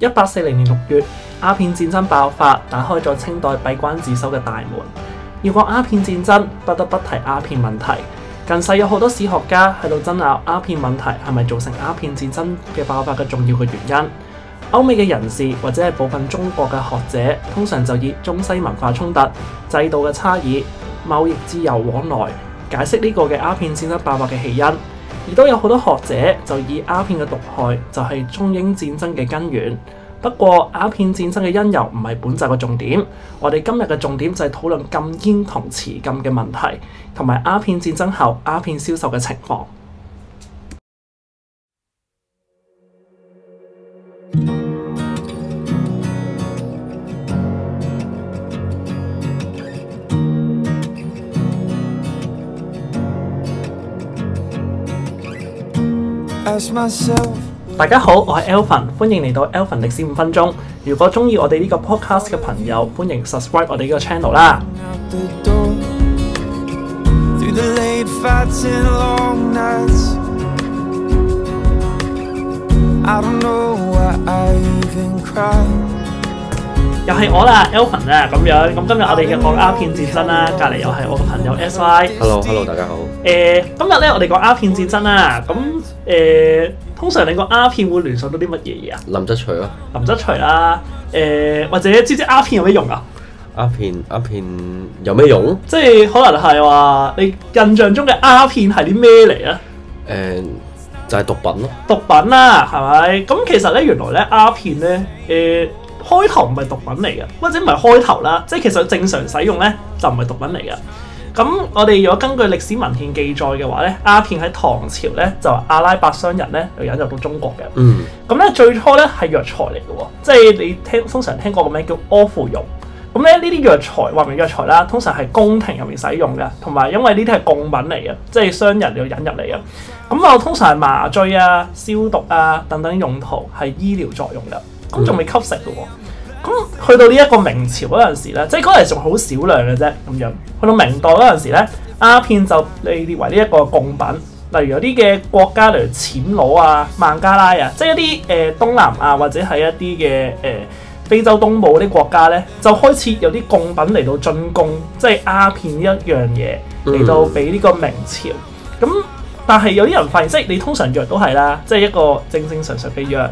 一八四零年六月，鴉片戰爭爆發，打開咗清代閉關自守嘅大門。要講鴉片戰爭，不得不提鴉片問題。近世有好多史學家喺度爭拗鴉片問題係咪造成鴉片戰爭嘅爆發嘅重要嘅原因？歐美嘅人士或者係部分中國嘅學者，通常就以中西文化衝突、制度嘅差異、貿易自由往來解釋呢個嘅鴉片戰爭爆發嘅起因。而都有好多學者就以鴉片嘅毒害就係中英戰爭嘅根源。不過，鴉片戰爭嘅因由唔係本集嘅重點，我哋今日嘅重點就係討論禁煙同弛禁嘅問題，同埋鴉片戰爭後鴉片銷售嘅情況。大家好，我係 Elvin 歡迎嚟到 Elvin 歷史五分鐘。如果中意我哋呢個 podcast 嘅朋友，歡迎 subscribe 我哋呢個 channel 啦。又係我啦 Elvin 啊，咁樣。咁今日我哋嘅講鴉片戰爭啦，隔籬又係我嘅朋友 Sai。Hello，Hello，hello, 大家好。誒、呃，今日咧我哋講鴉片戰爭啦，咁誒。N Z 通常你個鴉片會聯想到啲乜嘢嘢啊？林則徐咯、啊，林則徐啦、啊，誒、呃、或者知唔知鴉片有咩用啊？鴉片鴉片有咩用？即係可能係話你印象中嘅鴉片係啲咩嚟咧？誒、呃、就係、是、毒品咯、啊，毒品啦、啊，係咪？咁其實咧原來咧鴉片咧誒、呃、開頭唔係毒品嚟嘅，或者唔係開頭啦，即係其實正常使用咧就唔係毒品嚟嘅。咁我哋如果根據歷史文獻記載嘅話咧，鴉片喺唐朝咧就阿拉伯商人咧就引入到中國嘅。嗯。咁咧最初咧係藥材嚟嘅喎，即係你聽通常聽過個名叫阿芙蓉。咁咧呢啲藥材話明係藥材啦，通常係宮廷入面使用嘅，同埋因為呢啲係貢品嚟嘅，即係商人要引入嚟嘅。咁啊、嗯，通常係麻醉啊、消毒啊等等用途係醫療作用嘅，咁仲未吸食過。嗯。咁去到呢一個明朝嗰陣時咧，即係嗰陣時仲好少量嘅啫，咁樣去到明代嗰陣時咧，鴉片就被列為呢一個貢品。例如有啲嘅國家例如暹羅啊，孟加拉啊，即係一啲誒、呃、東南亞或者係一啲嘅誒非洲東部啲國家咧，就開始有啲貢品嚟到進貢，即係鴉片一樣嘢嚟到俾呢個明朝。咁、嗯、但係有啲人發現，即係你通常藥都係啦，即係一個正正常常嘅藥。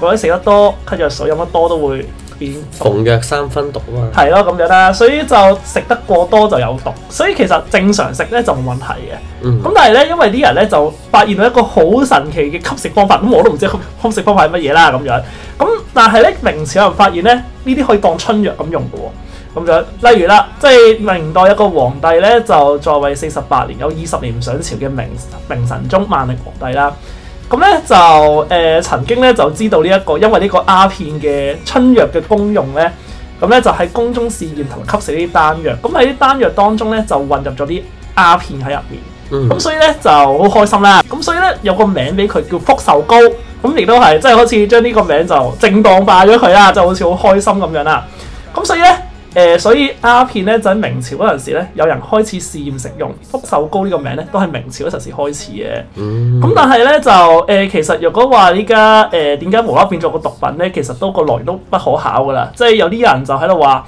嗰啲食得多，吸藥水飲得多都會變。逢藥三分毒啊嘛。係咯，咁樣啦，所以就食得過多就有毒。所以其實正常食咧就冇問題嘅。咁、嗯、但係咧，因為啲人咧就發現到一個好神奇嘅吸食方法，咁我都唔知吸食方法係乜嘢啦咁樣。咁但係咧，明朝有人發現咧呢啲可以當春藥咁用㗎喎。咁樣，例如啦，即係明代一個皇帝咧就在位四十八年，有二十年唔上朝嘅明明神宗萬歷皇帝啦。咁咧就誒、呃、曾經咧就知道呢、這、一個，因為呢個鴉片嘅春藥嘅功用咧，咁咧就喺宮中試驗同埋吸食呢啲丹藥，咁喺啲丹藥當中咧就混入咗啲鴉片喺入面，咁、嗯、所以咧就好開心啦，咁所以咧有個名俾佢叫福壽膏，咁亦都係即係好似將呢個名就正當化咗佢啦，就好似好開心咁樣啦，咁所以咧。誒、呃，所以鴉片咧，就喺明朝嗰陣時咧，有人開始試驗食用福壽膏呢個名咧，都係明朝嗰陣時開始嘅。咁、嗯、但係咧就誒、呃，其實若果話依家誒點解無啦啦變咗個毒品咧，其實都個來都不可考噶啦。即、就、係、是、有啲人就喺度話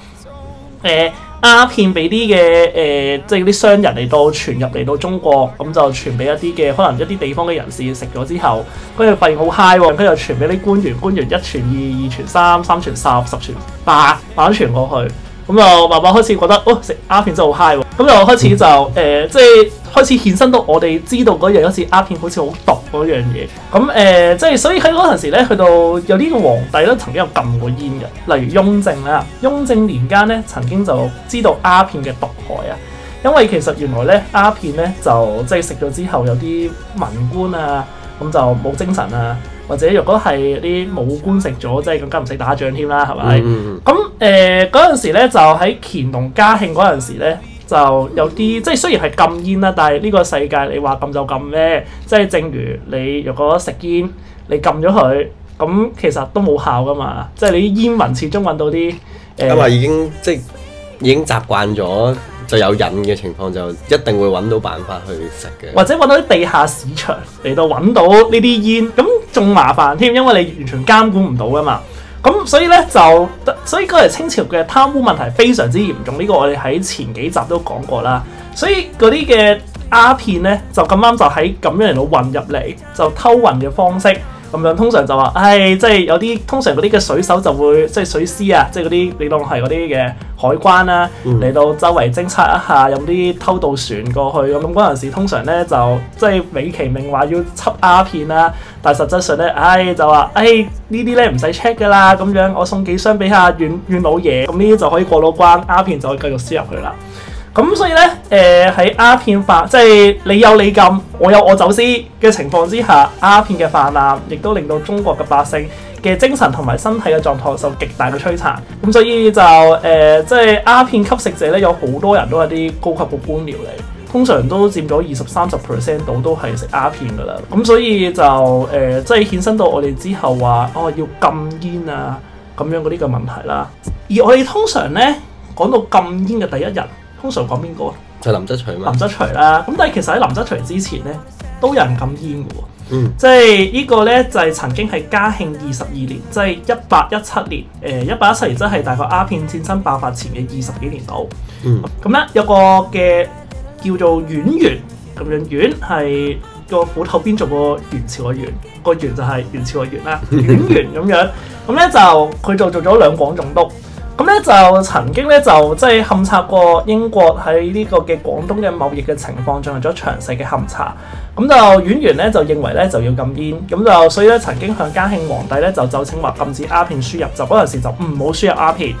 誒鴉片俾啲嘅誒，即係啲商人嚟到傳入嚟到中國，咁就傳俾一啲嘅可能一啲地方嘅人士食咗之後，佢就發現好嗨喎，佢又傳俾啲官員，官員一傳二，二傳三，三傳十，十傳八，慢慢傳過去。咁又慢慢開始覺得，哦食鴉片真係好嗨喎！咁又開始就誒、呃，即係開始衍生到我哋知道嗰樣嗰次鴉片好似好毒嗰樣嘢。咁誒、呃，即係所以喺嗰陣時咧，去到有呢個皇帝咧曾經有禁過煙嘅，例如雍正啦。雍正年間咧曾經就知道鴉片嘅毒害啊，因為其實原來咧鴉片咧就即係食咗之後有啲文官啊，咁就冇精神啊。或者若果係啲武官食咗，即係更加唔使打仗添啦，係咪？咁誒嗰陣時咧，就喺乾隆嘉慶嗰陣時咧，就有啲即係雖然係禁煙啦，但係呢個世界你話禁就禁咩？即係正如你若果食煙，你禁咗佢，咁其實都冇效噶嘛。即係你啲煙民始終揾到啲誒。因為已經即係已經習慣咗。就有癮嘅情況，就一定會揾到辦法去食嘅，或者揾到啲地下市場嚟到揾到呢啲煙，咁仲麻煩添，因為你完全監管唔到噶嘛。咁所以呢，就，所以嗰日清朝嘅貪污問題非常之嚴重。呢個我哋喺前幾集都講過啦。所以嗰啲嘅鴉片呢，就咁啱就喺咁樣嚟到混入嚟，就偷運嘅方式。咁樣通常就話，唉、哎，即係有啲通常嗰啲嘅水手就會，即係水師啊，即係嗰啲你當係嗰啲嘅海關啦、啊，嚟、嗯、到周圍偵測一下，用啲偷渡船過去咁。嗰、嗯、陣時通常咧就即係美其名話要執鴉片啦、啊，但係實際上咧，唉、哎、就話，唉呢啲咧唔使 check 噶啦，咁樣我送幾箱俾下遠遠老爺，咁呢啲就可以過到關，鴉片就可以繼續輸入去啦。咁所以呢，誒喺鴉片化，即係你有你禁，我有我走私嘅情況之下，鴉片嘅泛濫，亦都令到中國嘅百姓嘅精神同埋身體嘅狀態受極大嘅摧殘。咁所以就誒、呃，即係鴉片吸食者呢，有好多人都係啲高級嘅官僚嚟，通常都佔咗二十三十 percent 到都係食鴉片噶啦。咁所以就誒、呃，即係衍生到我哋之後話，哦要禁煙啊咁樣嗰啲嘅問題啦。而我哋通常呢，講到禁煙嘅第一人。通常講邊個？就林則徐嘛。林則徐啦，咁但係其實喺林則徐之前咧，都有人禁煙嘅喎。嗯。即係呢個咧就係、是、曾經係嘉慶二十二年，即係一八一七年，誒一八一七年，即係大概鴉片戰爭爆發前嘅二十幾年度。咁咧、嗯嗯、有個嘅叫做阮元，咁樣阮係個斧頭邊做個元朝嘅元，個元就係元朝嘅元啦。阮元咁樣，咁咧就佢就做咗兩廣總督。咁咧就曾經咧就即係勘察過英國喺呢個嘅廣東嘅貿易嘅情況，進行咗詳細嘅勘查。咁就阮元咧就認為咧就要禁煙。咁就所以咧曾經向嘉慶皇帝咧就奏請話禁止鴉片輸入。就嗰陣時就唔好輸入鴉片，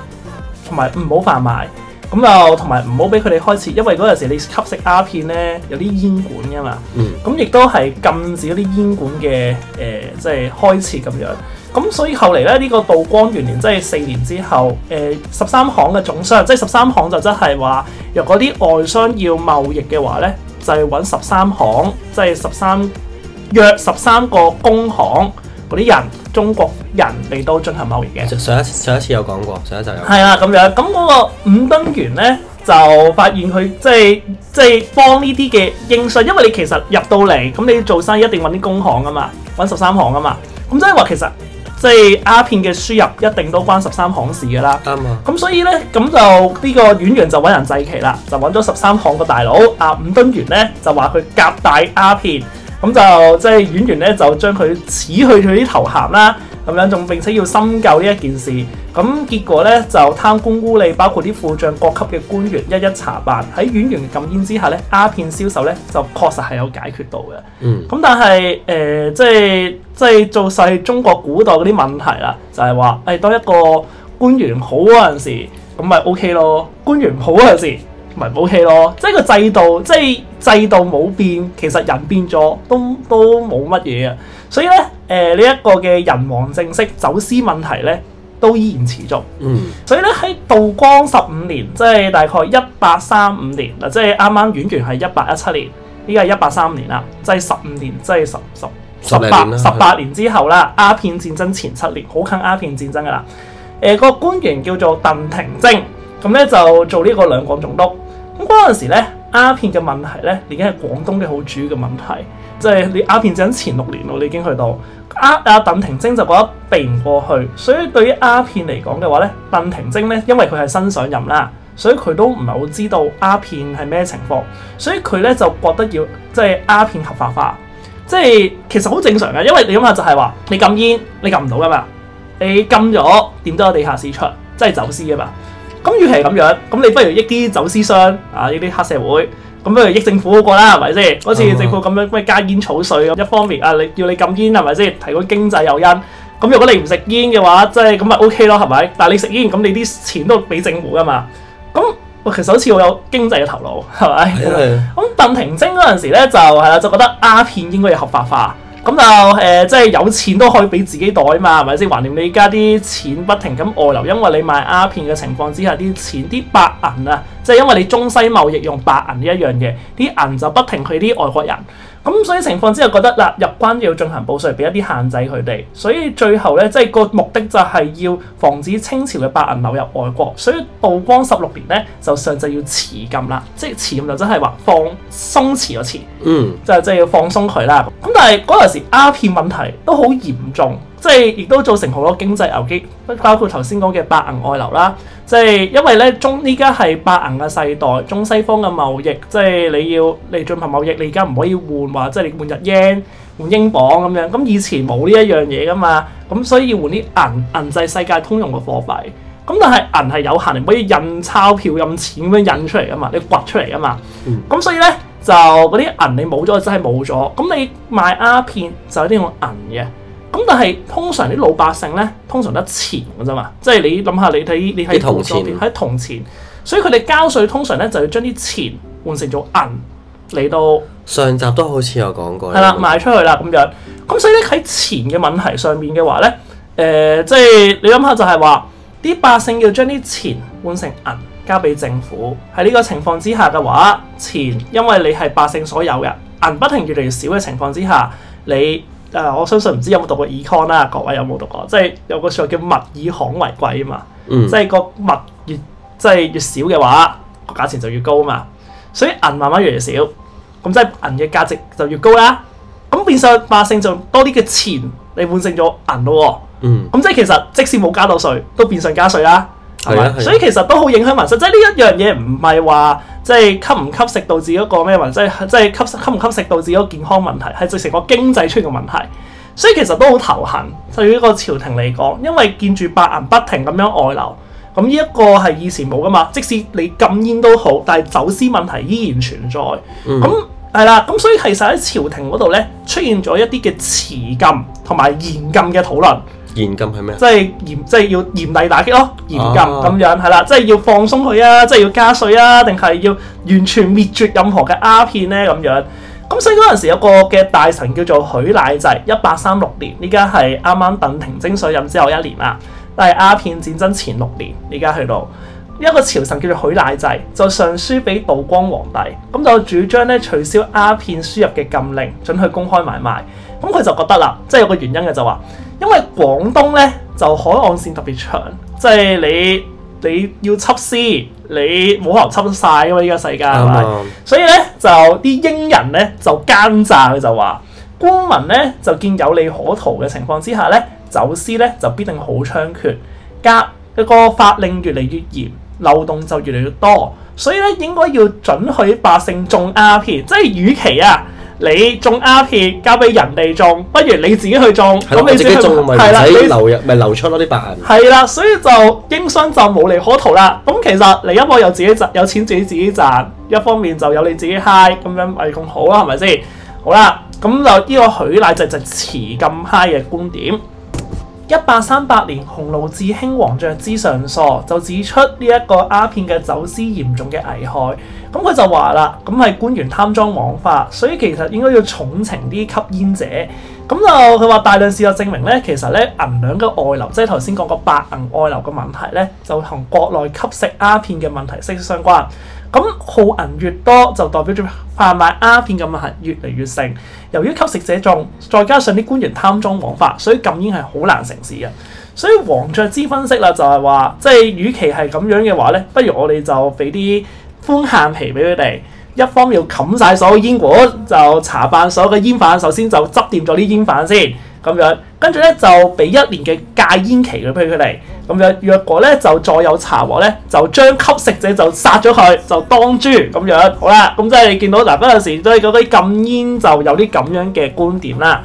同埋唔好販賣。咁就同埋唔好俾佢哋開設，因為嗰陣時你吸食鴉片咧有啲煙管噶嘛。咁亦都係禁止嗰啲煙管嘅誒，即、呃、係、就是、開設咁樣。咁所以後嚟咧，呢、這個道光元年，即係四年之後，誒十三行嘅總商，即係十三行就真係話若果啲外商要貿易嘅話呢就係揾十三行，即係十三約十三個工行嗰啲人，中國人嚟到進行貿易嘅。上一上一次有講過，上一集有講過，係啊，咁樣咁嗰個伍敦元呢，就發現佢即係即係幫呢啲嘅應稅，因為你其實入到嚟咁，你做生意一定揾啲工行噶嘛，揾十三行噶嘛，咁即係話其實。即係鴉片嘅輸入一定都關十三行事㗎啦，咁、嗯、所以呢，咁就呢、呢個阮元就揾人祭旗啦，就揾咗十三行個大佬啊，伍敦元呢就話佢夾帶鴉片，咁就即係阮元呢就將佢褫去佢啲頭銜啦。咁樣仲並且要深究呢一件事，咁結果咧就貪官污吏，包括啲副將各級嘅官員一一查辦。喺縣員嘅禁煙之下咧，鴉片銷售咧就確實係有解決到嘅。嗯，咁但係誒、呃，即係即係做晒中國古代嗰啲問題啦，就係話誒，當一個官員好嗰陣時，咁咪 O K 咯。官員唔好嗰陣時。咪係武器咯，即係個制度，即係制度冇變，其實人變咗都都冇乜嘢啊。所以咧，誒呢一個嘅人王正式走私問題咧，都依然持續。嗯，所以咧喺道光十五年，即係大概一八三五年嗱，即係啱啱完完係一八一七年，依家係一八三年啦，即係十五年，即係十十十八十八年之後啦，鴉片戰爭前七年，好近鴉片戰爭噶啦。誒、呃嗰個官員叫做鄧廷楨，咁咧就做呢個兩廣總督。咁嗰陣時咧，鴉片嘅問題咧已經係廣東嘅好主要嘅問題。即係你鴉片爭前六年咯，你已經去到阿阿鄧廷晶，就覺得避唔過去，所以對於鴉片嚟講嘅話咧，鄧廷晶咧因為佢係新上任啦，所以佢都唔係好知道鴉片係咩情況，所以佢咧就覺得要即係鴉片合法化，即係其實好正常嘅，因為你諗下就係話你禁煙你禁唔到噶嘛，你禁咗點都有地下市場，即係走私噶嘛。咁與其係咁樣，咁你不如益啲走私商啊，益啲黑社會，咁不如益政府好過啦，係咪先？好似政府咁樣咩加煙草稅咁，一方面啊，你要你禁煙係咪先？提高經濟誘因。咁如果你唔食煙嘅話，即係咁咪 O K 咯，係咪、OK？但係你食煙，咁你啲錢都俾政府噶嘛。咁其實好似我有經濟嘅頭腦，係咪？咁 鄧廷楨嗰陣時咧，就係啦，就覺得鴉片應該要合法化。咁就誒、呃，即係有錢都可以俾自己袋嘛，係咪先？橫掂你依家啲錢不停咁外流，因為你賣鴉片嘅情況之下，啲錢啲白銀啊，即係因為你中西貿易用白銀呢一樣嘢，啲銀就不停去啲外國人。咁、嗯、所以情況之下覺得嗱，入關要進行報稅，俾一啲限制佢哋，所以最後咧，即、就、係、是、個目的就係要防止清朝嘅白銀流入外國。所以道光十六年咧，就上就要弛禁啦，即係弛禁就真係話放鬆弛咗弛，慈慈嗯，就即係、就是、要放鬆佢啦。咁但係嗰陣時鴉片問題都好嚴重。即係亦都造成好多經濟危機，包括頭先講嘅白銀外流啦。即係因為咧，中依家係白銀嘅世代，中西方嘅貿易，即係你要嚟進行貿易，你而家唔可以換話，即係你換日 yen 換英鎊咁樣。咁以前冇呢一樣嘢噶嘛，咁所以要換啲銀銀製世界通用嘅貨幣。咁但係銀係有限，你唔可以印鈔票咁錢咁樣印出嚟噶嘛，你掘出嚟噶嘛。咁、嗯、所以咧，就嗰啲銀你冇咗真係冇咗。咁你賣鴉片就有啲用銀嘅。咁但係通常啲老百姓咧，通常得錢㗎啫嘛，即係你諗下，你睇你喺銅錢，喺銅錢，所以佢哋交稅通常咧就要將啲錢換成咗銀嚟到。上集都好似有講過，係啦了，賣出去啦咁樣。咁所以咧喺錢嘅問題上面嘅話咧，誒，即係你諗下，就係話啲百姓要將啲錢換成銀交俾政府。喺呢個情況之下嘅話，錢因為你係百姓所有嘅，銀不停越嚟越少嘅情況之下，你。誒，我相信唔知有冇讀過 econ 啦，各位有冇讀過？即係有個説叫物以罕為貴啊嘛，嗯、即係個物越即係越少嘅話，個價錢就越高啊嘛。所以銀慢慢越嚟越少，咁即係銀嘅價值就越高啦、啊。咁變相百姓就多啲嘅錢，你換成咗銀咯、啊。嗯，咁即係其實即使冇加到稅，都變相加稅啦、啊。係咪、嗯吧？所以其實都好影響民生。即係呢一樣嘢唔係話。即係吸唔吸食導致自己個咩問？即係，即係吸吸唔吸食導致自己個健康問題，係直成個經濟出現嘅問題，所以其實都好頭痕。對於一個朝廷嚟講，因為見住白銀不停咁樣外流，咁呢一個係以前冇㗎嘛。即使你禁煙都好，但係走私問題依然存在。咁係啦，咁所以其實喺朝廷嗰度咧出現咗一啲嘅弛禁同埋嚴禁嘅討論。嚴禁係咩？即係嚴，即係要嚴厲打擊咯。嚴禁咁、啊、樣係啦，即係要放鬆佢啊，即係要加稅啊，定係要完全滅絕任何嘅阿片呢？咁樣。咁所以嗰陣時有個嘅大臣叫做許乃濟，一八三六年，呢家係啱啱鄧廷楨水任之後一年啊，但係阿片戰爭前六年，呢家去到一個朝臣叫做許乃濟就上書俾道光皇帝，咁就主張咧取消阿片輸入嘅禁令，准許公開買賣。咁佢就覺得啦，即係有個原因嘅就話，是。因為廣東咧就海岸線特別長，即係你你，要執私，你冇可能執得曬啊嘛！呢個世界係咪？Right 吧所以咧就啲英人咧就奸詐，佢就話，官民咧就見有利可圖嘅情況之下咧走私咧就必定好猖獗，加佢個法令越嚟越嚴，漏洞就越嚟越多，所以咧應該要准許百姓種鴉片，即係與其啊。你種鴉片交俾人哋種，不如你自己去種。咁的你自己去種，係啦，流入咪流出咯啲白銀。係啦，所以就英商就無利可圖啦。咁其實嚟一波又自己賺，有錢自己自己賺。一方面就有你自己嗨，咁樣咪更好啦，係咪先？好啦，咁就呢個許乃濟就持弛禁嘅觀點。一八三八年，鴻臚寺卿黃爵滋上疏就指出呢一個鴉片嘅走私嚴重嘅危害。咁佢就話啦，咁係官員貪贓枉法，所以其實應該要重懲啲吸煙者。咁就佢話大量事實證明咧，其實咧銀兩嘅外流，即係頭先講個白銀外流嘅問題咧，就同國內吸食鴉片嘅問題息息相關。咁耗銀越多，就代表住販賣鴉片嘅問題越嚟越盛。由於吸食者眾，再加上啲官員貪贓枉法，所以禁煙係好難成事嘅。所以黃爵滋分析啦，就係話，即係與其係咁樣嘅話咧，不如我哋就俾啲。寬限期俾佢哋，一方要冚晒所有煙館，就查辦所有嘅煙犯，首先就執掂咗啲煙犯先，咁樣跟住咧就俾一年嘅戒煙期佢，俾佢哋咁樣。若果咧就再有查獲咧，就將吸食者就殺咗佢，就當豬咁樣。好啦，咁即係你見到嗱嗰陣時，對嗰啲禁煙就有啲咁樣嘅觀點啦。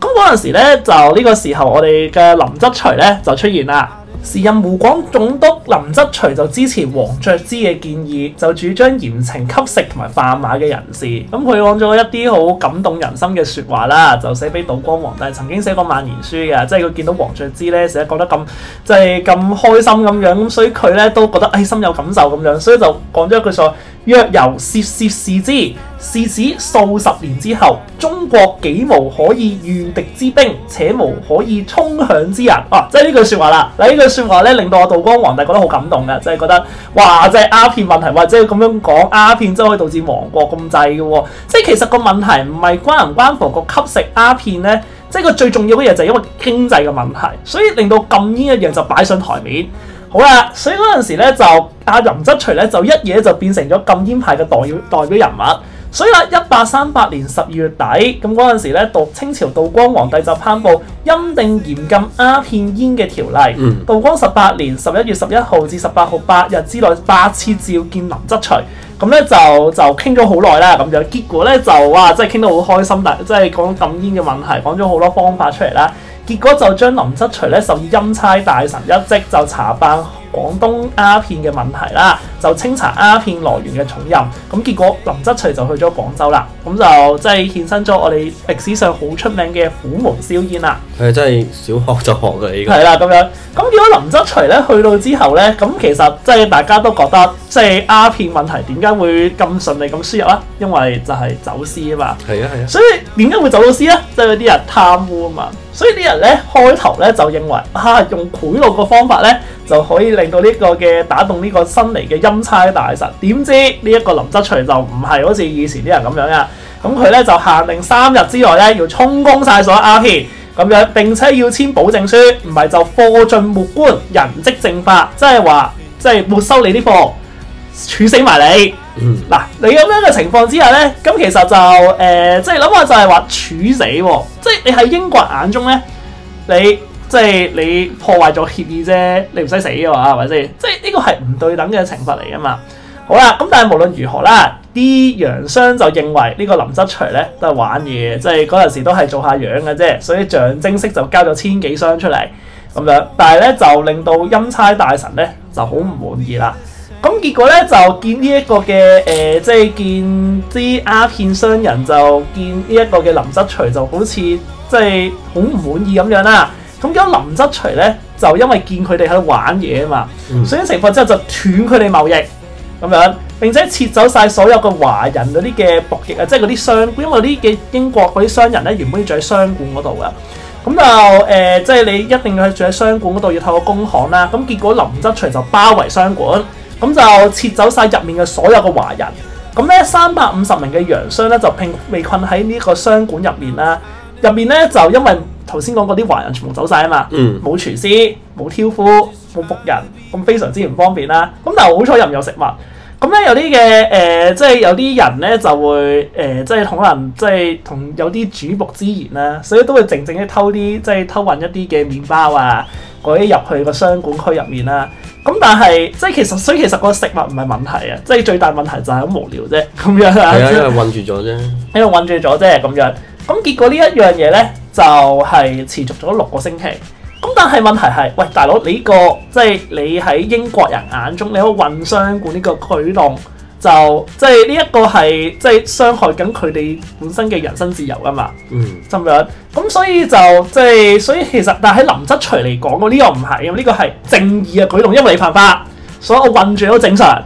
咁嗰陣時咧就呢個時候，時候我哋嘅林則徐咧就出現啦。時任湖廣總督林則徐就支持黃爵滋嘅建議，就主張嚴懲吸食同埋販賣嘅人士。咁佢講咗一啲好感動人心嘅說話啦，就寫俾道光皇帝。但曾經寫過萬言書嘅，即係佢見到黃爵滋咧，成日覺得咁即係咁開心咁樣，咁所以佢咧都覺得唉深有感受咁樣，所以就講咗一句說話。若由涉涉視之，是指數十年之後，中國幾無可以禦敵之兵，且無可以充餉之人。啊，即係呢句說話啦。嗱，呢句說話咧，令到我道光皇帝覺得好感動嘅，就係覺得，哇，即係鴉片問題，或者要咁樣講鴉片，真係可以導致亡國咁滯嘅。即係其實個問題唔係關唔關乎個吸食鴉片咧，即係個最重要嘅嘢就係因為經濟嘅問題，所以令到禁煙呢一樣就擺上台面。好啦、啊，所以嗰陣時咧就阿林則徐咧就一嘢就變成咗禁煙派嘅代表代表人物。所以啦，一八三八年十二月底，咁嗰陣時咧，道清朝道光皇帝就頒布欽定嚴禁鴉片煙嘅條例。嗯、道光十八年十一月十一號至十八號八日之內八次召見林則徐，咁咧就就傾咗好耐啦，咁樣。結果咧就哇，真係傾得好開心，但即係講禁煙嘅問題，講咗好多方法出嚟啦。結果就將林則徐咧，授欽差大臣一職，就查辦廣東鴉片嘅問題啦，就清查鴉片來源嘅重任。咁結果林則徐就去咗廣州啦，咁就即係獻身咗我哋歷史上好出名嘅虎門銷煙啦。佢、欸、真係小學就學嘅，依個係啦咁樣。咁如果林則徐咧去到之後咧，咁其實即係大家都覺得，即係鴉片問題點解會咁順利咁輸入啊？因為就係走私啊嘛。係啊係啊。所以點解會走私啊？即、就、係、是、有啲人貪污啊嘛。所以啲人咧，開頭咧就認為啊，用賄賂嘅方法咧就可以令到呢個嘅打動呢個新嚟嘅欽差大臣。點知呢一個林則徐就唔係好似以前啲人咁樣啊？咁佢咧就限令三日之內咧要充公晒所有鴉片咁樣，並且要簽保證書，唔係就貨盡沒官，人即正法，即係話即係沒收你啲貨，處死埋你。嗱，嗯、你咁樣嘅情況之下咧，咁其實就誒，即係諗下就係話處死，即係你喺英國眼中咧，你即係你破壞咗協議啫，你唔使死嘅嘛係咪先？即係呢個係唔對等嘅懲罰嚟㗎嘛。好啦，咁但係無論如何啦，啲洋商就認為呢個林則徐咧都係玩嘢，即係嗰陣時都係做下樣嘅啫，所以象徵式就交咗千幾箱出嚟咁樣，但係咧就令到欽差大臣咧就好唔滿意啦。咁結果咧，就見呢一個嘅誒、呃，即係見啲鴉片商人就見呢一個嘅林則徐就好似即係好唔滿意咁樣啦、啊。咁咁林則徐咧就因為見佢哋喺度玩嘢啊嘛，嗯、所以情況之後就斷佢哋貿易咁樣，並且撤走晒所有嘅華人嗰啲嘅僕役啊，即係嗰啲商，因為呢嘅英國嗰啲商人咧原本要住喺商館嗰度嘅。咁就誒、呃，即係你一定要去住喺商館嗰度，要透過工行啦。咁結果林則徐就包圍商館。咁就撤走晒入面嘅所有嘅華人，咁咧三百五十名嘅洋商咧就並被困喺呢個商館入面啦。入面咧就因為頭先講過啲華人全部走晒啊嘛，嗯，冇廚師，冇挑夫，冇僕人，咁非常之唔方便啦。咁但係好彩入面有食物，咁咧有啲嘅誒，即係有啲人咧就會誒，即係可能即係同有啲主僕之緣啦，所以都會靜靜啲偷啲即係偷運一啲嘅麵包啊嗰啲入去個商館區入面啦。咁但係，即係其實，所以其實個食物唔係問題啊，即係最大問題就係好無聊啫，咁樣啊。係啊，因為韞住咗啫，因為韞住咗啫，咁樣。咁結果呢一樣嘢咧，就係、是、持續咗六個星期。咁但係問題係，喂大佬，你、呢個即係你喺英國人眼中，你個韞商館呢個舉動。就即係呢一個係即係傷害緊佢哋本身嘅人身自由啊嘛，咁、mm hmm. 樣咁所以就即係、就是、所以其實但係林則徐嚟講，我、這、呢個唔係啊，呢、這個係正義嘅舉動，因為你犯法，所以我困住都正常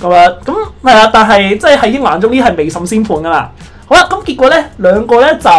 咁樣咁係啊。但係即係喺英眼中呢係未審先判噶嘛。好啦，咁結果呢，兩個呢就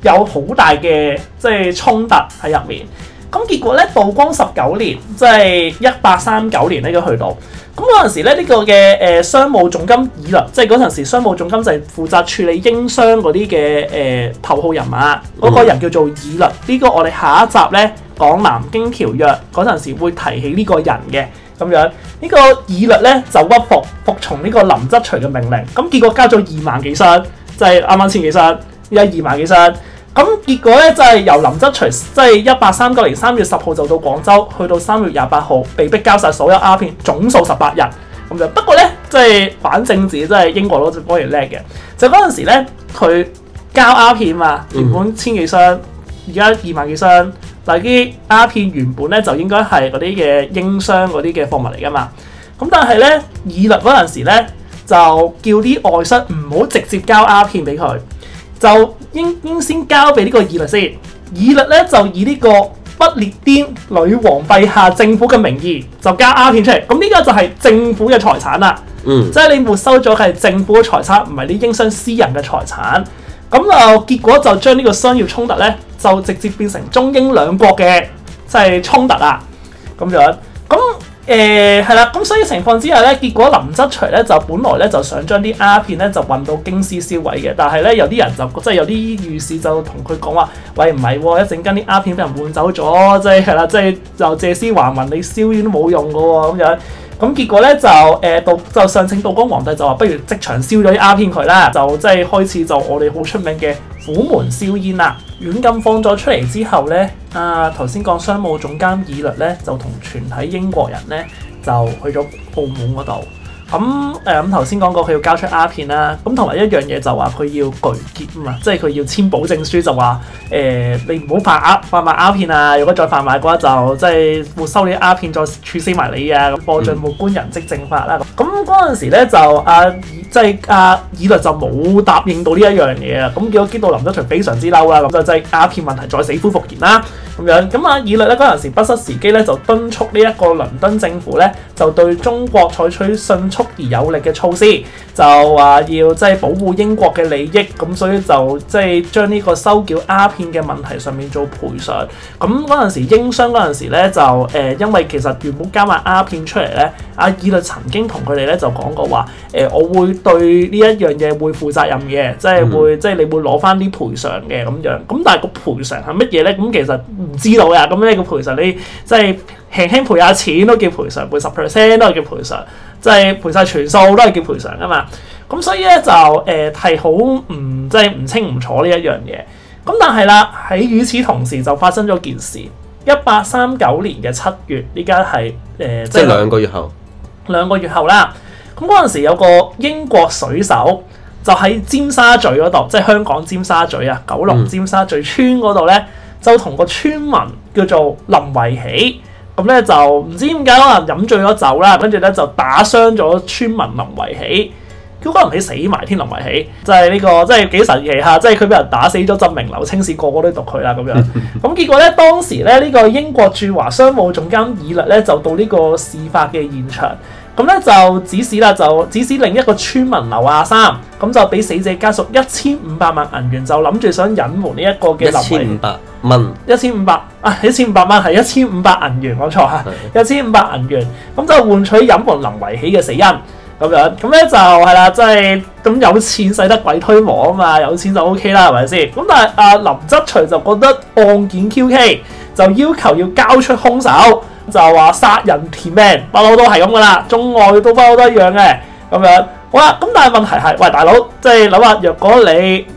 有好大嘅即係衝突喺入面。咁結果呢，道光十九年，即係一八三九年呢個去到。咁嗰陣時咧，呢、這個嘅誒、呃、商務總監義律，即係嗰陣時商務總監就係負責處理英商嗰啲嘅誒頭號人物，嗰、嗯、個人叫做義律。呢、這個我哋下一集咧講南京條約嗰陣時會提起呢個人嘅咁樣。這個、議呢個義律咧就屈服，服從呢個林則徐嘅命令，咁結果交咗二萬幾箱，就係啱啱千幾箱，一二萬幾箱。咁結果咧就係、是、由林則徐即係一八三九年三月十號就到廣州，去到三月廿八號被逼交晒所有鴉片，總數十八日咁就。不過咧即係反政治，即、就、係、是、英國佬就波，然叻嘅。就嗰陣時咧，佢交鴉片嘛，原本千幾箱，而家、嗯、二萬幾箱。嗱啲鴉片原本咧就應該係嗰啲嘅英商嗰啲嘅貨物嚟㗎嘛。咁但係咧，義律嗰陣時咧就叫啲外商唔好直接交鴉片俾佢，就。應應先交俾呢個義律先，義律咧就以呢個不列顛女王陛下政府嘅名義就加鴉片出嚟，咁呢個就係政府嘅財產啦。嗯，這個、嗯即係你沒收咗係政府嘅財產，唔係你英商私人嘅財產。咁、嗯、就結果就將呢個商業衝突咧，就直接變成中英兩國嘅即係衝突啦。咁樣咁。嗯誒係啦，咁、嗯、所以情況之下咧，結果林則徐咧就本來咧就想將啲鴉片咧就運到京師銷毀嘅，但係咧有啲人就即係、就是、有啲御史就同佢講話：喂唔係，一陣間啲鴉片俾人換走咗，即係係啦，即係就借屍還魂，你燒煙都冇用噶喎咁樣。咁、嗯、結果咧就誒道、呃、就上請道光皇帝就話：不如即場燒咗啲鴉片佢啦，就即係、就是、開始就我哋好出名嘅虎門燒煙啦。軟禁放咗出嚟之後呢，啊頭先講商務總監義律呢，就同全體英國人呢，就去咗澳門嗰度。咁誒咁頭先講過，佢要交出鴉片啦。咁同埋一樣嘢就話佢要具結嘛、嗯，即係佢要簽保證書，就話誒、呃、你唔好犯鴉販賣鴉片啊。如果再販賣嘅話，就即係沒收你鴉片，再處死埋你啊。咁貨盡沒官人即正法啦。咁嗰陣時咧就啊，即係啊，義律、啊、就冇答應到呢一樣嘢啊。咁結果激到林則徐非常之嬲啦。咁就即係鴉片問題再死灰復燃啦、啊。咁樣，咁阿義律咧，嗰陣時不失時機咧，就敦促呢一個倫敦政府咧，就對中國採取迅速而有力嘅措施，就話要即係保護英國嘅利益，咁所以就即係將呢個收繳鴉片嘅問題上面做賠償。咁嗰陣時英商嗰陣時咧就誒、呃，因為其實原本加埋鴉片出嚟咧，阿、啊、義律曾經同佢哋咧就講過話，誒、呃、我會對呢一樣嘢會負責任嘅，就是、嗯嗯即係會即係你會攞翻啲賠償嘅咁樣。咁但係個賠償係乜嘢咧？咁其實唔知道呀，咁咩叫賠償？你即係輕輕賠下錢都叫賠償，賠十 percent 都係叫賠償，即係賠晒全數都係叫賠償噶嘛。咁所以咧就誒係好唔即係唔清唔楚呢一樣嘢。咁但係啦，喺與此同時就發生咗件事。一八三九年嘅七月，呢家係誒即係兩個月後，兩個月後啦。咁嗰陣時有個英國水手就喺尖沙咀嗰度，即係香港尖沙咀啊，九龍尖沙咀村嗰度咧。就同個村民叫做林維喜，咁咧就唔知點解可能飲醉咗酒啦，跟住咧就打傷咗村民林維喜，佢可能維死埋添。林維喜就係呢個，即係幾神奇吓，即係佢俾人打死咗，就名留青史，個個都讀佢啦咁樣。咁 結果咧，當時咧呢個英國駐華商務總監義律咧就到呢個事發嘅現場。咁咧就指使啦，就指使另一個村民劉亞三，咁就俾死者家屬一千五百萬銀元，就諗住想隱瞞呢一個嘅林。一千五百蚊。一千五百啊，一千五百萬係一千五百銀元，冇錯嚇，一千五百銀元，咁就換取隱瞞林維喜嘅死因。咁樣咁咧就係啦，即係咁有錢使得鬼推磨啊嘛，有錢就 O K 啦，係咪先？咁但係阿、啊、林則徐就覺得案件蹊蹺，就要求要交出兇手。就話殺人填命，不嬲都係咁噶啦，中外都不嬲都一樣嘅咁樣。好啦，咁但係問題係，喂大佬、就是呃，即係諗下，若果你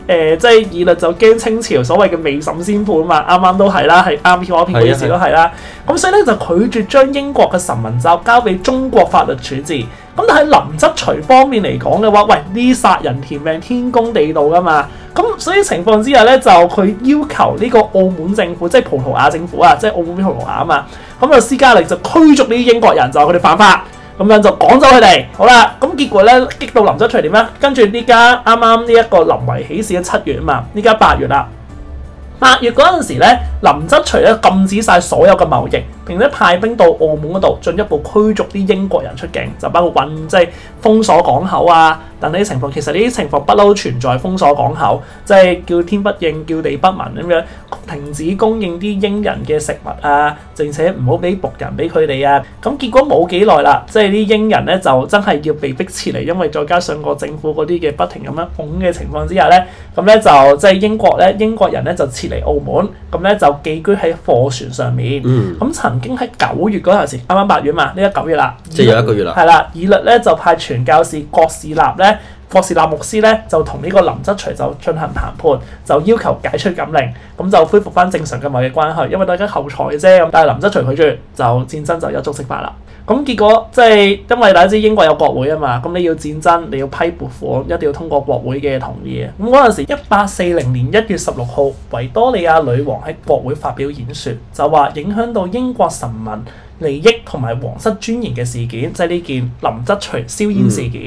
誒即係以律就驚清朝所謂嘅未審先判嘛，啱啱都係啦，係啱啲嗰片故事都係啦。咁所以咧就拒絕將英國嘅臣民交俾中國法律處置。咁但係林則徐方面嚟講嘅話，喂呢殺人填命天公地道噶嘛，咁所以情況之下咧就佢要求呢個澳門政府，即係葡萄牙政府啊，即係澳門邊葡萄牙啊嘛。咁啊，施加利就驅逐呢啲英國人，就話佢哋犯法，咁樣就趕走佢哋。好啦，咁結果呢，激到林則徐點咧？跟住呢家啱啱呢一個林維喜事嘅七月啊嘛，呢家八月啦，八月嗰陣時咧，林則徐咧禁止晒所有嘅貿易，並且派兵到澳門嗰度進一步驅逐啲英國人出境，就包括運即係封鎖港口啊。但呢啲情況，其實呢啲情況不嬲存在，封鎖港口，即係叫天不應，叫地不聞咁樣，停止供應啲英人嘅食物啊，並且唔好俾僕人俾佢哋啊。咁結果冇幾耐啦，即係啲英人咧就真係要被逼撤離，因為再加上個政府嗰啲嘅不停咁樣拱嘅情況之下咧，咁咧就即係英國咧，英國人咧就撤離澳門，咁咧就寄居喺貨船上面。嗯，咁曾經喺九月嗰陣時，啱啱八月嘛，呢、這個九月啦，即係有一個月啦，係啦、嗯，義律咧就派傳教士郭士立咧。霍士納牧師呢就同呢個林則徐就進行談判，就要求解除禁令，咁就恢復翻正常嘅貿易關係，因為大家後財嘅啫。咁但係林則徐拒絕，就戰爭就一觸即發啦。咁結果即係因為大家知英國有國會啊嘛，咁你要戰爭，你要批撥款，一定要通過國會嘅同意嘅。咁嗰陣時，一八四零年一月十六號，維多利亞女王喺國會發表演說，就話影響到英國臣民。利益同埋皇室尊嚴嘅事件，即係呢件林則徐燒煙事件。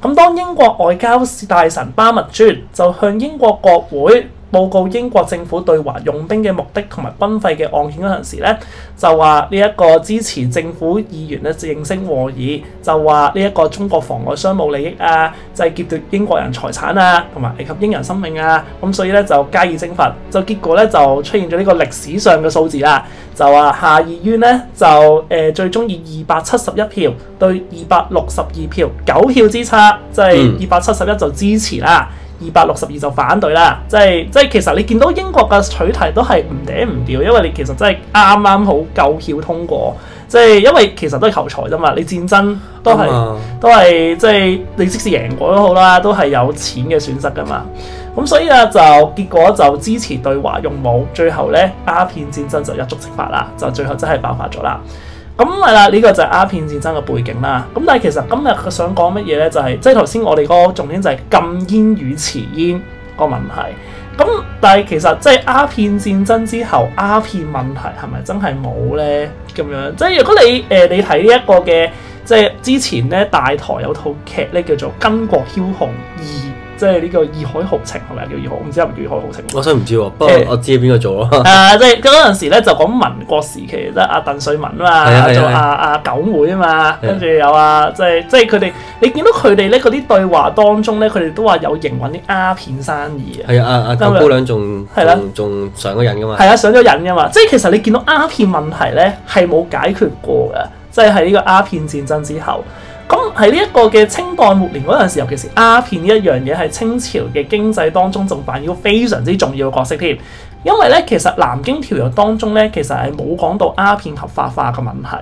咁、嗯、當英國外交大臣巴麥尊就向英國國會報告英國政府對華用兵嘅目的同埋軍費嘅案件嗰陣時咧，就話呢一個支持政府議員咧就應聲和議，就話呢一個中國妨礙商務利益啊，就係、是、劫奪英國人財產啊，同埋危及英人生命啊，咁所以咧就加以徵伐，就結果咧就出現咗呢個歷史上嘅數字啦，就話下議院呢，就誒、呃、最終以二百七十一票對二百六十二票九票之差，即係二百七十一就支持啦。嗯二百六十二就反對啦，即係即係，就是、其實你見到英國嘅取態都係唔嗲唔吊，因為你其實真係啱啱好夠票通過，即係因為其實都係求財啫嘛，你戰爭都係、嗯啊、都係即係，你即使贏過都好啦，都係有錢嘅損失㗎嘛，咁所以啊就結果就支持對華用武，最後呢，鴉片戰爭就一觸即發啦，就最後真係爆發咗啦。咁係啦，呢、嗯這個就係鴉片戰爭嘅背景啦。咁但係其實今日佢想講乜嘢呢？就係、是、即係頭先我哋嗰個重點就係禁煙與弛煙個問題。咁但係其實即係鴉片戰爭之後，鴉片問題係咪真係冇呢？咁樣即係如果你誒、呃、你睇呢一個嘅即係之前呢大台有套劇呢，叫做《巾幗梟雄二》。即係呢個《義海豪情》係咪叫《義海》？我唔知係唔叫《義海豪情》。我想唔知喎，不過我知邊個做咯的。誒、 啊，即係嗰陣時咧，就講民國時期，即係阿鄧萃雯啊嘛，做阿阿九妹啊嘛，跟住有啊。即係即係佢哋，你見到佢哋咧嗰啲對話當中咧，佢哋都話有營運啲鴉片生意啊。係的的啊，阿阿九姑娘仲仲仲上咗癮噶嘛。係啊，上咗癮噶嘛。即係其實你見到鴉片問題咧係冇解決過嘅，即係喺呢個鴉片戰爭之後。咁喺呢一個嘅清代末年嗰陣時，尤其是鴉片呢一樣嘢，喺清朝嘅經濟當中仲扮演非常之重要嘅角色添。因為咧，其實《南京條約》當中咧，其實係冇講到鴉片合法化嘅問題。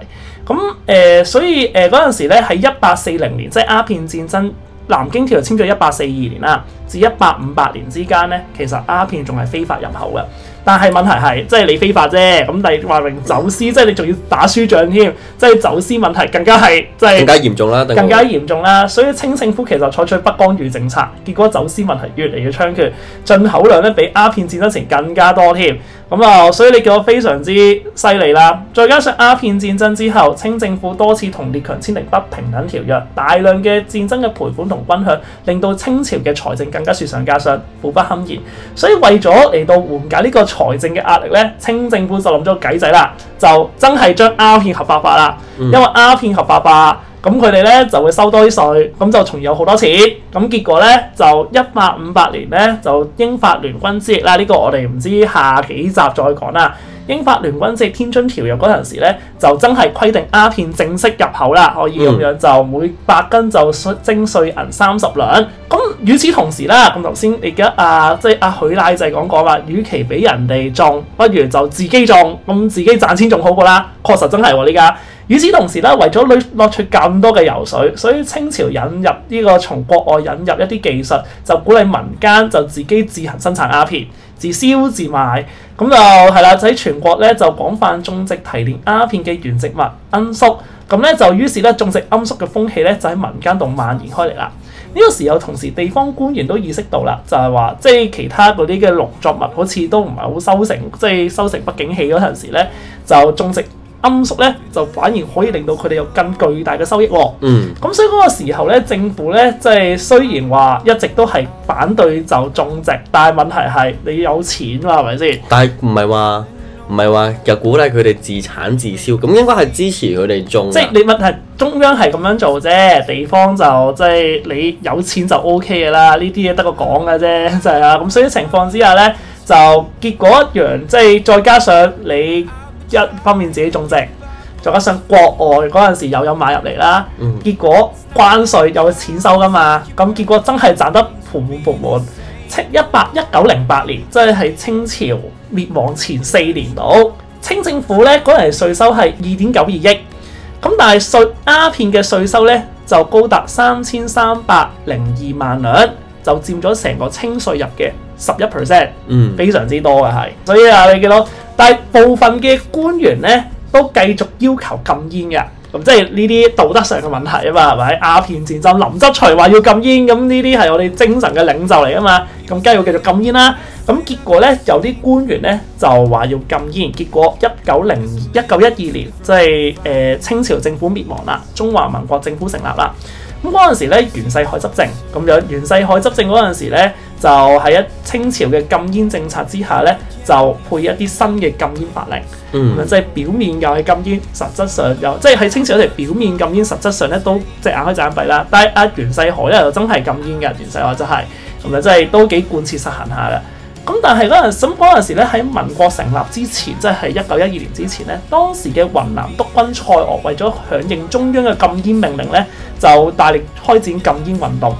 咁誒、呃，所以誒嗰陣時咧，喺一八四零年，即係鴉片戰爭，《南京條約》簽咗一八四二年啦，至一八五八年之間咧，其實鴉片仲係非法入口嘅。但係問題係，即係你非法啫，咁但係話明走私，嗯、即係你仲要打輸仗添，即係走私問題更加係，即係更加嚴重啦，我更加嚴重啦。所以清政府其實採取不干預政策，結果走私問題越嚟越猖獗，進口量咧比鴉片戰爭前更加多添。咁、嗯、啊，所以你叫我非常之犀利啦。再加上鴉片戰爭之後，清政府多次同列強簽訂不平等條約，大量嘅戰爭嘅賠款同軍費，令到清朝嘅財政更加雪上加霜，苦不堪言。所以為咗嚟到緩解呢、這個，財政嘅壓力咧，清政府就諗咗個計仔啦，就真係將鴉片合法化啦。因為鴉片合法化，咁佢哋咧就會收多啲稅，咁就重有好多錢。咁結果咧，就一八五八年咧就英法聯軍之役啦。呢個我哋唔知下幾集再講啦。英法聯軍即係天津條約嗰陣時咧，就真係規定鴉片正式入口啦。可以咁樣就每百斤就徵稅銀三十兩。咁與此同時啦，咁頭先而家啊，即係阿、啊、許乃濟就係講講話，與其俾人哋種，不如就自己種，咁自己賺錢仲好過啦。確實真係喎、啊，依家與此同時啦，為咗攞出更多嘅油水，所以清朝引入呢、呢個從國外引入一啲技術，就鼓勵民間就自己自行生產鴉片。自燒自賣，咁就係啦。就喺全國咧，就廣泛種植提煉鴉片嘅原植物罌粟，咁咧就於是咧種植罌粟嘅風氣咧就喺民間度蔓延開嚟啦。呢個時候同時地方官員都意識到啦，就係話即係其他嗰啲嘅農作物好似都唔係好收成，即係收成不景氣嗰陣時咧，就種植。金屬咧就反而可以令到佢哋有更巨大嘅收益、哦。嗯，咁所以嗰個時候咧，政府咧即係雖然話一直都係反對就種植，但係問題係你有錢啦，係咪先？但係唔係話唔係話又鼓勵佢哋自產自銷，咁應該係支持佢哋種、啊。即係你問題中央係咁樣做啫，地方就即係、就是、你有錢就 OK 嘅啦。呢啲嘢得個講嘅啫，就係、是、啦、啊。咁所以情況之下咧，就結果一樣，即、就、係、是、再加上你。一方面自己種植，再加上國外嗰陣時又有買入嚟啦，結果關稅有錢收噶嘛，咁結果真係賺得盆滿缽滿。清一八一九零八年，即係喺清朝滅亡前四年度，清政府呢嗰陣稅收係二點九二億，咁但係稅鴉片嘅稅收呢，就高達三千三百零二萬兩，就佔咗成個清稅入嘅十一 percent，嗯，非常之多嘅係，所以啊，你見到。但係部分嘅官員咧都繼續要求禁煙嘅，咁、嗯、即係呢啲道德上嘅問題啊嘛，係咪？鴉片戰爭林則徐話要禁煙，咁呢啲係我哋精神嘅領袖嚟啊嘛，咁梗係要繼續禁煙啦。咁、嗯、結果咧，有啲官員咧就話要禁煙，結果一九零一九一二年，即係誒清朝政府滅亡啦，中華民國政府成立啦。咁嗰陣時咧，袁世凱執政，咁樣袁世凱執政嗰陣時咧。就喺一清朝嘅禁煙政策之下呢，就配一啲新嘅禁煙法令，咁啊、嗯、即係表面又係禁煙，實質上又即係喺清朝嗰表面禁煙，實質上呢都即係隻眼開隻眼閉啦。但係阿袁世凱呢，就真係禁煙嘅，袁世凱就係咁啊，真係都幾貫徹實行下噶。咁但係嗰陣咁時呢，喺民國成立之前，即係一九一二年之前呢，當時嘅雲南督軍蔡鍔為咗響應中央嘅禁煙命令呢，就大力開展禁煙運動。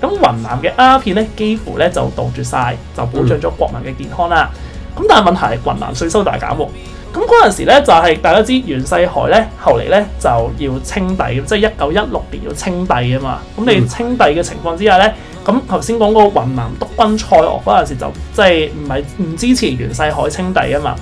咁雲南嘅鴉片咧，幾乎咧就杜絕晒，就保障咗國民嘅健康啦。咁但係問題係雲南稅收大減喎。咁嗰陣時咧就係、是、大家知袁世凱咧後嚟咧就要稱帝，即係一九一六年要稱帝啊嘛。咁你稱帝嘅情況之下咧，咁頭先講過雲南督軍蔡鍔嗰陣時就即係唔係唔支持袁世凱稱帝啊嘛。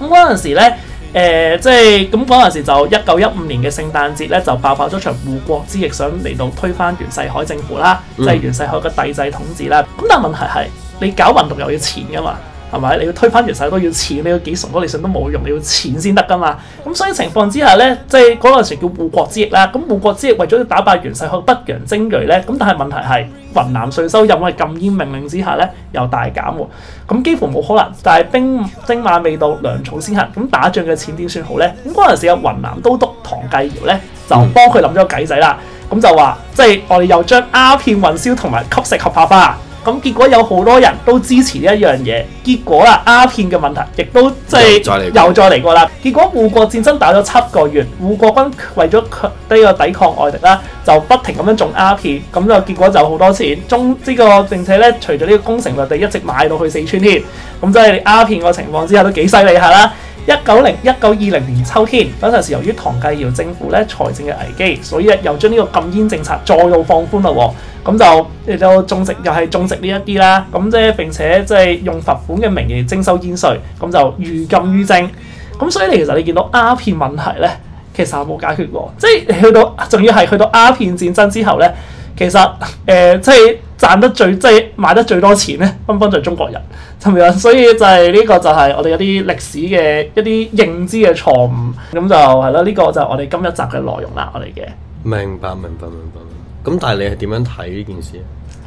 咁嗰陣時咧。誒、呃，即係咁嗰陣時就一九一五年嘅聖誕節咧，就爆發咗場護國之役，想嚟到推翻袁世凱政府啦，即係袁世凱嘅帝制統治啦。咁但係問題係，你搞運動又要錢㗎嘛？係咪？你要推翻袁世都要錢，你要幾崇高理想都冇用，你要錢先得㗎嘛。咁所以情況之下呢，即係嗰陣時叫護國之役啦。咁護國之役為咗要打敗袁世凱北洋精銳呢，咁但係問題係雲南稅收任喺禁煙命令之下呢，又大減喎。咁幾乎冇可能。但係兵精馬未到，糧草先行。咁打仗嘅錢點算好呢？咁嗰陣時有，雲南都督唐繼堯呢，就幫佢諗咗個計仔啦。咁就話即係我哋又將鴉片運銷同埋吸食合法化。咁結果有好多人都支持呢一樣嘢，結果啦，鴉片嘅問題亦都即係，又再嚟過，過啦。結果護國戰爭打咗七個月，護國軍為咗呢個抵抗外敵啦，就不停咁樣種鴉片，咁就結果就好多錢，中、這個、呢個並且咧，除咗呢個工程糧地一直買到去四川添，咁即係鴉片個情況之下都幾犀利下啦。一九零一九二零年秋天，嗰陣時由於唐繼堯政府咧財政嘅危機，所以咧又將呢個禁煙政策再度放寬嘞喎，咁就亦都種植，又係種植呢一啲啦，咁即啫，並且即係、就是、用罰款嘅名義徵收煙稅，咁就愈禁愈增。咁所以咧其實你見到鴉片問題咧，其實冇解決過，即係去到仲要係去到鴉片戰爭之後咧。其實誒、呃，即係賺得最即係賣得最多錢咧，分分就係中國人咁樣，所以就係呢個就係我哋有啲歷史嘅一啲認知嘅錯誤，咁就係咯。呢、這個就係我哋今一集嘅內容啦，我哋嘅。明白，明白，明白。咁但係你係點樣睇呢件事？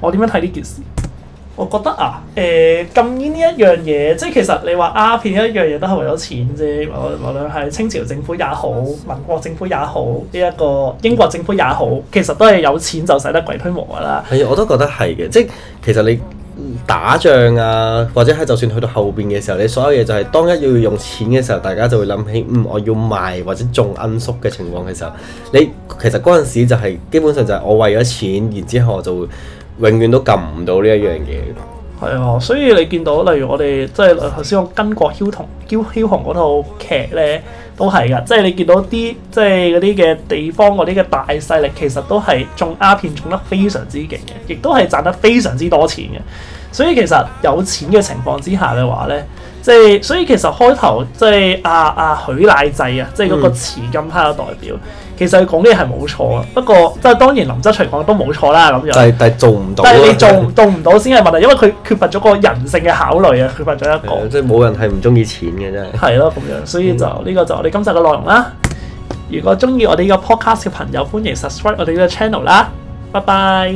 我點樣睇呢件事？我覺得啊，誒、呃、禁煙呢一樣嘢，即係其實你話鴉片一樣嘢都係為咗錢啫。無論係清朝政府也好，民國政府也好，呢、這、一個英國政府也好，其實都係有錢就使得鬼推磨噶啦。係，我都覺得係嘅。即係其實你打仗啊，或者係就算去到後邊嘅時候，你所有嘢就係當一要用錢嘅時候，大家就會諗起，嗯，我要賣或者種罌粟嘅情況嘅時候，你其實嗰陣時就係、是、基本上就係我為咗錢，然之後我就會。永遠都撳唔到呢一樣嘢。係啊，所以你見到例如我哋即係頭先我巾幗梟同梟梟雄嗰套劇咧，都係噶。即係你見到啲即係嗰啲嘅地方嗰啲嘅大勢力，其實都係種鴉片種得非常之勁嘅，亦都係賺得非常之多錢嘅。所以其實有錢嘅情況之下嘅話咧，即係所以其實開頭即係阿阿許乃濟啊，即係嗰個弛禁派嘅代表。嗯。其實佢講啲嘢係冇錯啊，不過即係當然林則徐講都冇錯啦，咁樣，就是、但係做唔到，但係你做 做唔到先係問題，因為佢缺乏咗個人性嘅考慮啊，缺乏咗一個，嗯、即係冇人係唔中意錢嘅真係係咯咁樣，嗯、所以就呢、這個就我哋今集嘅內容啦。如果中意我哋呢個 podcast 嘅朋友，歡迎 subscribe 我哋呢個 channel 啦，拜拜。